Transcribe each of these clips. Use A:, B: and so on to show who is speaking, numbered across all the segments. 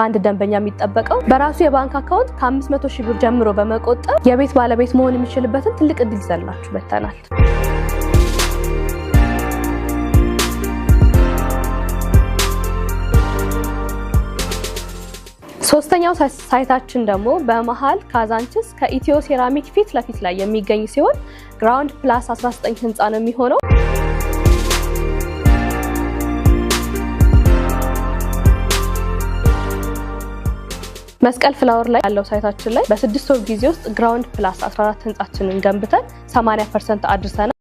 A: ከአንድ ደንበኛ የሚጠበቀው በራሱ የባንክ አካውንት ከ500 ሺህ ብር ጀምሮ በመቆጠብ የቤት ባለቤት መሆን የሚችልበትን ትልቅ እድል ይዘላችሁ መጥተናል። ሶስተኛው ሳይታችን ደግሞ በመሀል ካዛንችስ ከኢትዮ ሴራሚክ ፊት ለፊት ላይ የሚገኝ ሲሆን ግራውንድ ፕላስ 19 ህንፃ ነው የሚሆነው። መስቀል ፍላወር ላይ ያለው ሳይታችን ላይ በስድስት ወር ጊዜ ውስጥ ግራውንድ ፕላስ 14 ህንጻችንን ገንብተን 80 ፐርሰንት አድርሰናል።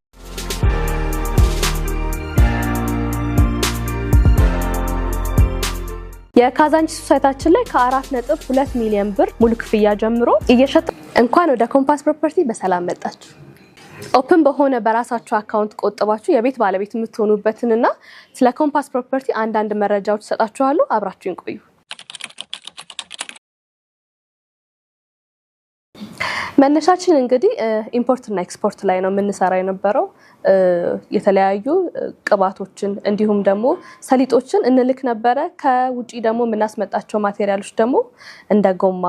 A: የካዛንቺስ ሳይታችን ላይ ከአራት ነጥብ ሁለት ሚሊዮን ብር ሙሉ ክፍያ ጀምሮ እየሸጠ እንኳን ወደ ኮምፓስ ፕሮፐርቲ በሰላም መጣችሁ። ኦፕን በሆነ በራሳችሁ አካውንት ቆጥባችሁ የቤት ባለቤት የምትሆኑበትንና ስለ ኮምፓስ ፕሮፐርቲ አንዳንድ መረጃዎች ይሰጣችኋሉ። አብራችሁ ይቆዩ። መነሻችን እንግዲህ እና ኤክስፖርት ላይ ነው የምንሰራ የነበረው። የተለያዩ ቅባቶችን እንዲሁም ደግሞ ሰሊጦችን እንልክ ነበረ። ከውጪ ደግሞ የምናስመጣቸው ማቴሪያሎች ደግሞ እንደ ጎማ፣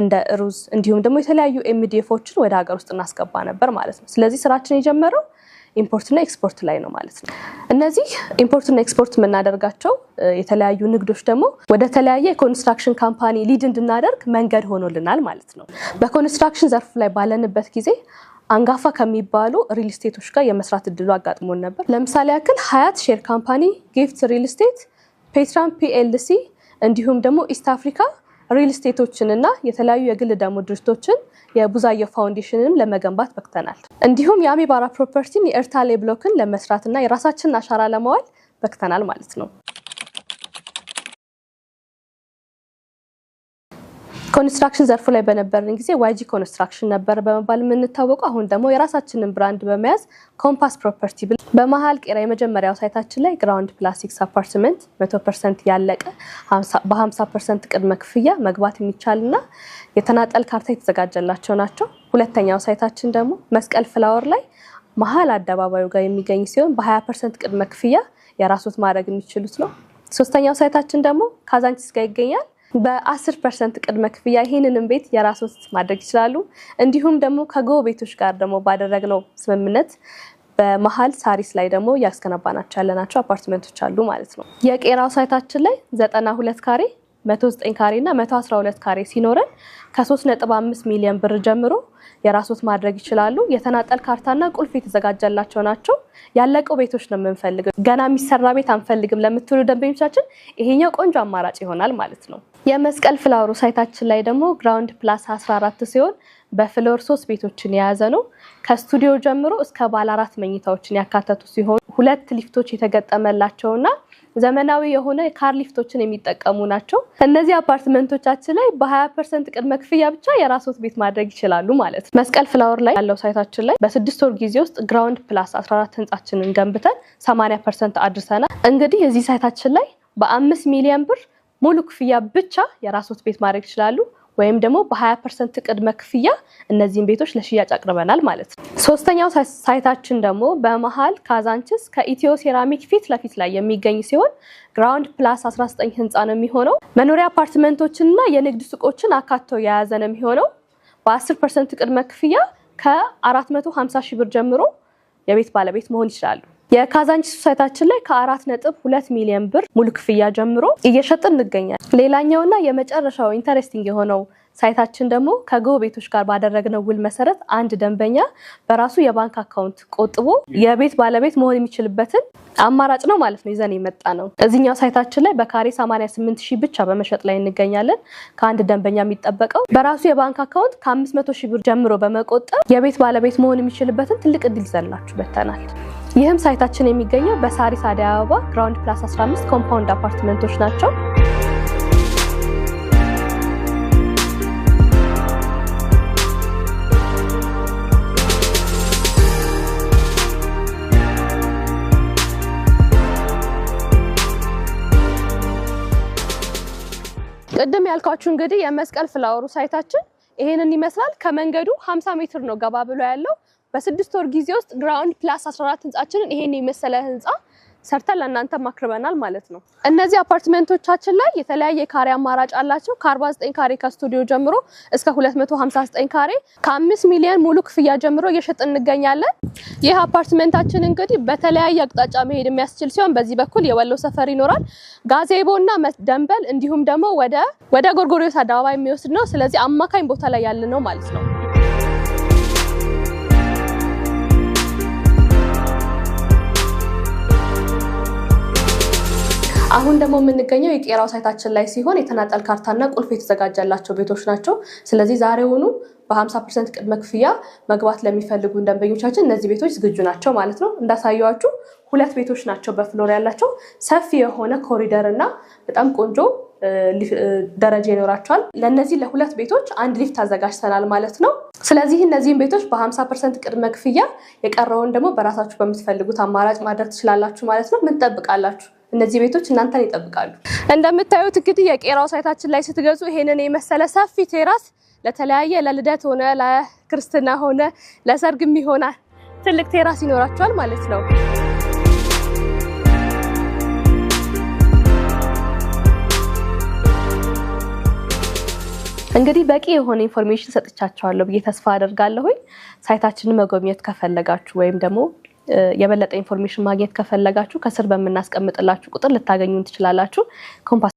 A: እንደ ሩዝ እንዲሁም ደግሞ የተለያዩ ኤምዲኤፎችን ወደ ሀገር ውስጥ እናስገባ ነበር ማለት ነው። ስለዚህ ስራችን የጀመረው ኢምፖርትና ኤክስፖርት ላይ ነው ማለት ነው። እነዚህ ኢምፖርትና ኤክስፖርት የምናደርጋቸው የተለያዩ ንግዶች ደግሞ ወደ ተለያየ የኮንስትራክሽን ካምፓኒ ሊድ እንድናደርግ መንገድ ሆኖልናል ማለት ነው። በኮንስትራክሽን ዘርፍ ላይ ባለንበት ጊዜ አንጋፋ ከሚባሉ ሪል ስቴቶች ጋር የመስራት እድሉ አጋጥሞን ነበር። ለምሳሌ ያክል ሀያት ሼር ካምፓኒ፣ ጊፍት ሪል ስቴት፣ ፔትራን ፒኤልሲ እንዲሁም ደግሞ ኢስት አፍሪካ ሪል እና የተለያዩ የግል ደግሞ ድርጅቶችን የቡዛየው ፋውንዴሽንንም ለመገንባት በክተናል። እንዲሁም የአሚባራ ፕሮፐርቲን የኤርታሌ ብሎክን ለመስራትና የራሳችንን አሻራ ለማዋል በክተናል ማለት ነው። ኮንስትራክሽን ዘርፉ ላይ በነበርን ጊዜ ዋይጂ ኮንስትራክሽን ነበር በመባል የምንታወቀው። አሁን ደግሞ የራሳችንን ብራንድ በመያዝ ኮምፓስ ፕሮፐርቲ በመሀል ቄራ የመጀመሪያው ሳይታችን ላይ ግራውንድ ፕላስቲክስ አፓርትመንት መቶ ፐርሰንት ያለቀ በሀምሳ ፐርሰንት ቅድመ ክፍያ መግባት የሚቻልና የተናጠል ካርታ የተዘጋጀላቸው ናቸው። ሁለተኛው ሳይታችን ደግሞ መስቀል ፍላወር ላይ መሀል አደባባዩ ጋር የሚገኝ ሲሆን በ ፐርሰንት ቅድመ ክፍያ የራሶት ማድረግ የሚችሉት ነው። ሶስተኛው ሳይታችን ደግሞ ካዛንቺስ ጋር ይገኛል። በ10 ፐርሰንት ቅድመ ክፍያ ይህንንም ቤት የራስዎት ማድረግ ይችላሉ። እንዲሁም ደግሞ ከጎ ቤቶች ጋር ደግሞ ባደረግነው ስምምነት በመሀል ሳሪስ ላይ ደግሞ እያስገነባናቸው ያለናቸው አፓርትመንቶች አሉ ማለት ነው። የቄራው ሳይታችን ላይ ዘጠና ሁለት ካሬ 109 ካሬ እና 112 ካሬ ሲኖረን ከ3.5 ሚሊዮን ብር ጀምሮ የራስዎት ማድረግ ይችላሉ። የተናጠል ካርታና ቁልፍ የተዘጋጀላቸው ናቸው። ያለቀው ቤቶች ነው የምንፈልገው። ገና የሚሰራ ቤት አንፈልግም ለምትሉ ደንበኞቻችን ይሄኛው ቆንጆ አማራጭ ይሆናል ማለት ነው። የመስቀል ፍላወሩ ሳይታችን ላይ ደግሞ ግራውንድ ፕላስ 14 ሲሆን በፍሎር ሶስት ቤቶችን የያዘ ነው። ከስቱዲዮ ጀምሮ እስከ ባለ አራት መኝታዎችን ያካተቱ ሲሆኑ ሁለት ሊፍቶች የተገጠመላቸውና ዘመናዊ የሆነ የካር ሊፍቶችን የሚጠቀሙ ናቸው። እነዚህ አፓርትመንቶቻችን ላይ በ20 ፐርሰንት ቅድመ ክፍያ ብቻ የራስዎት ቤት ማድረግ ይችላሉ ማለት ነው። መስቀል ፍላወር ላይ ያለው ሳይታችን ላይ በስድስት ወር ጊዜ ውስጥ ግራውንድ ፕላስ 14 ህንጻችንን ገንብተን 80 ፐርሰንት አድርሰናል። እንግዲህ የዚህ ሳይታችን ላይ በአምስት ሚሊዮን ብር ሙሉ ክፍያ ብቻ የራስዎት ቤት ማድረግ ይችላሉ። ወይም ደግሞ በ20 ፐርሰንት ቅድመ ክፍያ እነዚህን ቤቶች ለሽያጭ አቅርበናል ማለት ነው። ሶስተኛው ሳይታችን ደግሞ በመሀል ካዛንችስ ከኢትዮ ሴራሚክ ፊት ለፊት ላይ የሚገኝ ሲሆን ግራውንድ ፕላስ 19 ህንፃ ነው የሚሆነው። መኖሪያ አፓርትመንቶችንና የንግድ ሱቆችን አካቶ የያዘ ነው የሚሆነው። በ10 ፐርሰንት ቅድመ ክፍያ ከ450 ሺህ ብር ጀምሮ የቤት ባለቤት መሆን ይችላሉ። የካዛንቺስ ሶሳይታችን ላይ ከአራት ነጥብ ሁለት ሚሊዮን ብር ሙሉ ክፍያ ጀምሮ እየሸጥን እንገኛለን። ሌላኛውና የመጨረሻው ኢንተረስቲንግ የሆነው ሳይታችን ደግሞ ከጎህ ቤቶች ጋር ባደረግነው ውል መሰረት አንድ ደንበኛ በራሱ የባንክ አካውንት ቆጥቦ የቤት ባለቤት መሆን የሚችልበትን አማራጭ ነው ማለት ነው ይዘን የመጣ ነው። እዚኛው ሳይታችን ላይ በካሬ 88 ሺህ ብቻ በመሸጥ ላይ እንገኛለን። ከአንድ ደንበኛ የሚጠበቀው በራሱ የባንክ አካውንት ከ500 ሺህ ብር ጀምሮ በመቆጠብ የቤት ባለቤት መሆን የሚችልበትን ትልቅ እድል ይዘንላችሁ በተናል። ይህም ሳይታችን የሚገኘው በሳሪስ አዲስ አበባ ግራውንድ ፕላስ 15 ኮምፓውንድ አፓርትመንቶች ናቸው። ቅድም ያልኳችሁ እንግዲህ የመስቀል ፍላወሩ ሳይታችን ይሄንን ይመስላል። ከመንገዱ 50 ሜትር ነው ገባ ብሎ ያለው በስድስት ወር ጊዜ ውስጥ ግራውንድ ፕላስ 14 ህንፃችንን ይሄን የመሰለ ህንፃ ሰርተን ለእናንተ ማክርበናል ማለት ነው። እነዚህ አፓርትመንቶቻችን ላይ የተለያየ ካሬ አማራጭ አላቸው። ከ49 ካሬ ከስቱዲዮ ጀምሮ እስከ 259 ካሬ ከ5 ሚሊዮን ሙሉ ክፍያ ጀምሮ እየሸጥ እንገኛለን። ይህ አፓርትመንታችን እንግዲህ በተለያየ አቅጣጫ መሄድ የሚያስችል ሲሆን በዚህ በኩል የወሎ ሰፈር ይኖራል፣ ጋዜቦ እና ደንበል እንዲሁም ደግሞ ወደ ጎርጎሪዮስ አደባባይ የሚወስድ ነው። ስለዚህ አማካኝ ቦታ ላይ ያለ ነው ማለት ነው። አሁን ደግሞ የምንገኘው የቄራው ሳይታችን ላይ ሲሆን የተናጠል ካርታና ቁልፍ የተዘጋጀላቸው ቤቶች ናቸው። ስለዚህ ዛሬውኑ በ50 ፐርሰንት ቅድመ ክፍያ መግባት ለሚፈልጉ ደንበኞቻችን እነዚህ ቤቶች ዝግጁ ናቸው ማለት ነው። እንዳሳየዋችሁ ሁለት ቤቶች ናቸው በፍሎር ያላቸው ሰፊ የሆነ ኮሪደር እና በጣም ቆንጆ ደረጃ ይኖራቸዋል። ለእነዚህ ለሁለት ቤቶች አንድ ሊፍት አዘጋጅተናል ማለት ነው። ስለዚህ እነዚህን ቤቶች በ50 ፐርሰንት ቅድመ ክፍያ የቀረውን ደግሞ በራሳችሁ በምትፈልጉት አማራጭ ማድረግ ትችላላችሁ ማለት ነው። ምን ትጠብቃላችሁ? እነዚህ ቤቶች እናንተን ይጠብቃሉ። እንደምታዩት እንግዲህ የቄራው ሳይታችን ላይ ስትገዙ ይሄንን የመሰለ ሰፊ ቴራስ ለተለያየ ለልደት ሆነ ለክርስትና ሆነ ለሰርግ የሚሆን ትልቅ ቴራስ ይኖራቸዋል ማለት ነው። እንግዲህ በቂ የሆነ ኢንፎርሜሽን ሰጥቻቸዋለሁ ብዬ ተስፋ አደርጋለሁኝ። ሳይታችንን መጎብኘት ከፈለጋችሁ ወይም ደግሞ የበለጠ ኢንፎርሜሽን ማግኘት ከፈለጋችሁ ከስር በምናስቀምጥላችሁ ቁጥር ልታገኙን ትችላላችሁ።